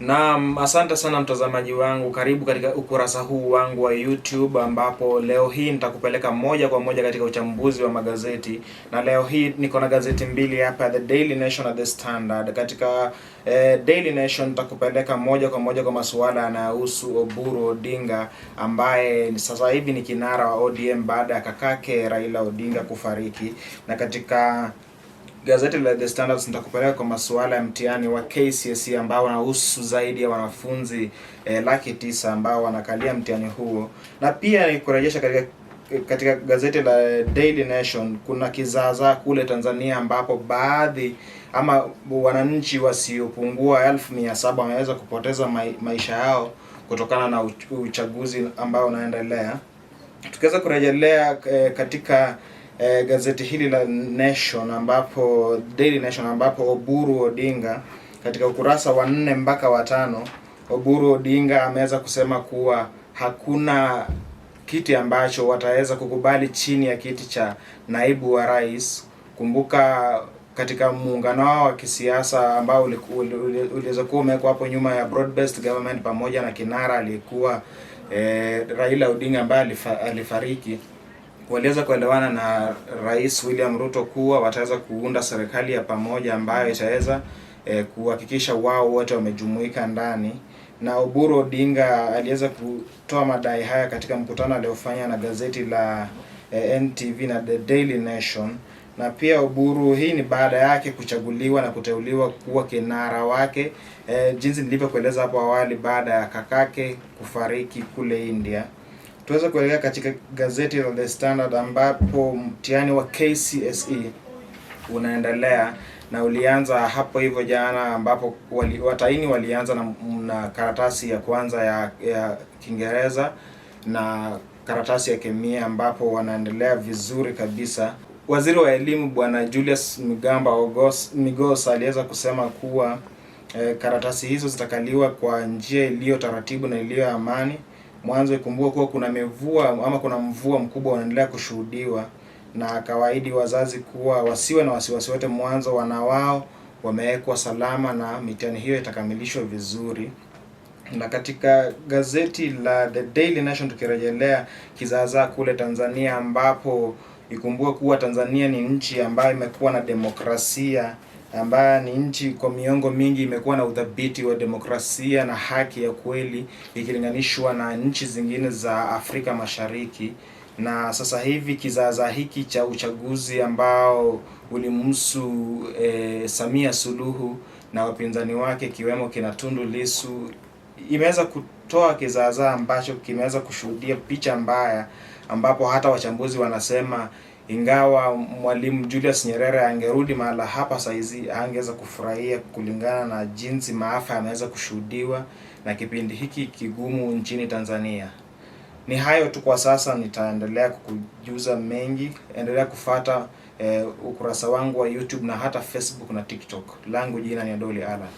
Naam, asante sana mtazamaji wangu, karibu katika ukurasa huu wangu wa YouTube ambapo leo hii nitakupeleka moja kwa moja katika uchambuzi wa magazeti, na leo hii niko na gazeti mbili hapa, The Daily Nation na The Standard. Katika eh, Daily Nation nitakupeleka moja kwa moja kwa masuala yanayohusu Oburu Odinga ambaye sasa hivi ni kinara wa ODM baada ya kakake Raila Odinga kufariki, na katika Gazeti la The Standards nitakupeleka kwa masuala ya mtihani wa KCSE ambao wanahusu zaidi ya wanafunzi eh, laki tisa ambao wanakalia mtihani huo, na pia ni kurejesha katika katika gazeti la Daily Nation kuna kizaazaa kule Tanzania ambapo baadhi ama wananchi wasiopungua elfu mia saba wameweza kupoteza maisha yao kutokana na uchaguzi ambao unaendelea. Tukiweza kurejelea eh, katika eh, gazeti hili la Nation ambapo Daily Nation ambapo Oburu Odinga katika ukurasa wa nne mpaka wa tano Oburu Odinga ameweza kusema kuwa hakuna kiti ambacho wataweza kukubali chini ya kiti cha naibu wa rais. Kumbuka katika muungano wao wa kisiasa ambao uliweza kuwa umewekwa hapo nyuma ya broad based government pamoja na kinara aliyekuwa eh, Raila Odinga ambaye alifa, alifariki waliweza kuelewana na Rais William Ruto kuwa wataweza kuunda serikali ya pamoja ambayo itaweza e, kuhakikisha wao wote wamejumuika ndani na Oburu Odinga aliweza kutoa madai haya katika mkutano aliofanya na gazeti la e, eh, NTV na The Daily Nation. Na pia Oburu, hii ni baada yake kuchaguliwa na kuteuliwa kuwa kinara wake e, jinsi nilivyokueleza hapo awali, baada ya kakake kufariki kule India. Tuweza kuelekea katika gazeti la The Standard ambapo mtihani wa KCSE unaendelea na ulianza hapo hivyo jana, ambapo wali, wataini walianza na, na karatasi ya kwanza ya, ya Kiingereza na karatasi ya kemia ambapo wanaendelea vizuri kabisa. Waziri wa elimu Bwana Julius Migamba Migos aliweza kusema kuwa eh, karatasi hizo zitakaliwa kwa njia iliyo taratibu na iliyo amani Mwanzo ikumbuka kuwa kuna mevua ama kuna mvua mkubwa unaendelea kushuhudiwa, na akawaahidi wazazi kuwa wasiwe na wasiwasi wote, mwanzo wana wao wamewekwa salama na mitihani hiyo itakamilishwa vizuri. Na katika gazeti la The Daily Nation tukirejelea kizaazaa kule Tanzania, ambapo ikumbuka kuwa Tanzania ni nchi ambayo imekuwa na demokrasia ambayo ni nchi kwa miongo mingi imekuwa na udhabiti wa demokrasia na haki ya kweli ikilinganishwa na nchi zingine za Afrika Mashariki, na sasa hivi kizaza hiki cha uchaguzi ambao ulimhusu e, Samia Suluhu na wapinzani wake kiwemo kina Tundu Lissu imeweza kutoa kizaazaa ambacho kimeweza kushuhudia picha mbaya ambapo hata wachambuzi wanasema ingawa Mwalimu Julius Nyerere angerudi mahala hapa saizi, angeweza kufurahia kulingana na jinsi maafa yameweza kushuhudiwa na kipindi hiki kigumu nchini Tanzania. Ni hayo tu kwa sasa, nitaendelea kukujuza mengi. Endelea kufata eh, ukurasa wangu wa YouTube na hata Facebook na TikTok. Langu jina ni Adoli Alan.